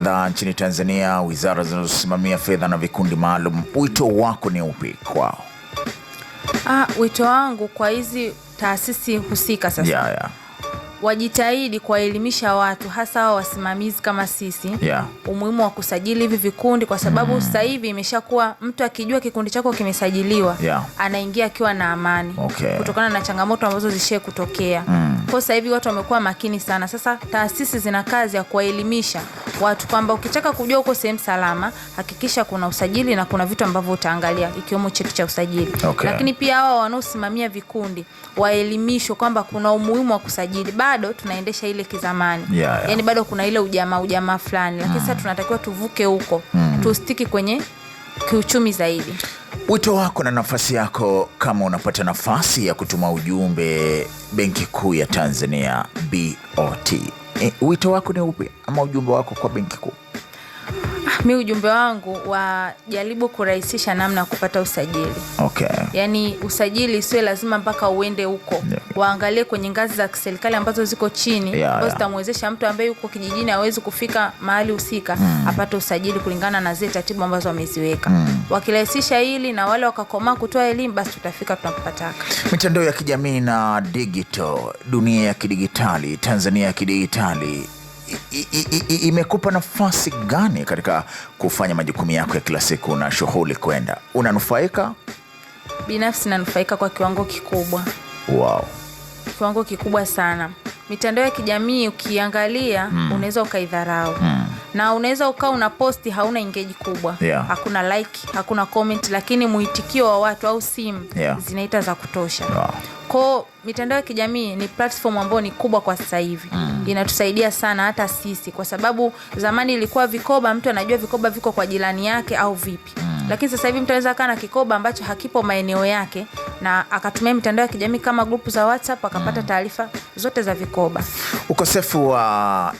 fedha nchini Tanzania, wizara zinazosimamia fedha na vikundi maalum, wito wako ni upi kwao? Ah, wito wangu kwa hizi taasisi husika sasa, yeah, yeah. Wajitahidi kuwaelimisha watu hasa hao wasimamizi kama sisi yeah. Umuhimu wa kusajili hivi vikundi kwa sababu mm. Sasa hivi imeshakuwa mtu akijua kikundi chako kimesajiliwa yeah. Anaingia akiwa na amani okay. Kutokana na changamoto ambazo zishie kutokea mm. Kwa sasa hivi watu wamekuwa makini sana. Sasa taasisi zina kazi ya kuwaelimisha watu kwamba ukitaka kujua uko sehemu salama, hakikisha kuna usajili na kuna vitu ambavyo utaangalia ikiwemo cheti cha usajili okay. Lakini pia hawa wanaosimamia vikundi waelimishwe kwamba kuna umuhimu wa kusajili. Bado tunaendesha ile kizamani yeah, yeah. Yani bado kuna ile ujamaa ujamaa fulani, lakini sasa mm. tunatakiwa tuvuke huko mm. tustiki kwenye kiuchumi zaidi. Wito wako na nafasi yako, kama unapata nafasi ya kutuma ujumbe Benki Kuu ya Tanzania BOT. Eh, wito wako ni upi ama ujumbe wako kwa benki kuu? mi ujumbe wangu wajaribu kurahisisha namna ya kupata usajili. Okay. Yaani usajili sio lazima mpaka uende huko. yeah. Waangalie kwenye ngazi za serikali ambazo ziko chini ambazo yeah, zitamwezesha yeah, mtu ambaye yuko kijijini awezi kufika mahali husika mm, apate usajili kulingana na zile taratibu ambazo wameziweka mm. Wakirahisisha hili na wale wakakomaa kutoa elimu, basi tutafika tunapopataka. Mitandao ya kijamii na digital, dunia ya kidigitali, Tanzania ya kidigitali imekupa nafasi gani katika kufanya majukumu yako ya kila siku na shughuli kwenda, unanufaika? Binafsi nanufaika kwa kiwango kikubwa. Wow, kiwango kikubwa sana mitandao ya kijamii ukiangalia mm. unaweza ukaidharau mm. na unaweza ukawa una posti hauna ingeji kubwa yeah. hakuna like hakuna comment, lakini mwitikio wa watu au simu yeah. zinaita za kutosha wow. Kwao mitandao ya kijamii ni platform ambayo ni kubwa kwa sasa hivi mm. inatusaidia sana hata sisi, kwa sababu zamani ilikuwa vikoba, mtu anajua vikoba viko kwa jirani yake au vipi mm Mm. Lakini sasa hivi mtu anaweza kaa na kikoba ambacho hakipo maeneo yake na akatumia mitandao ya kijamii kama grupu za WhatsApp akapata mm. taarifa zote za vikoba. Ukosefu wa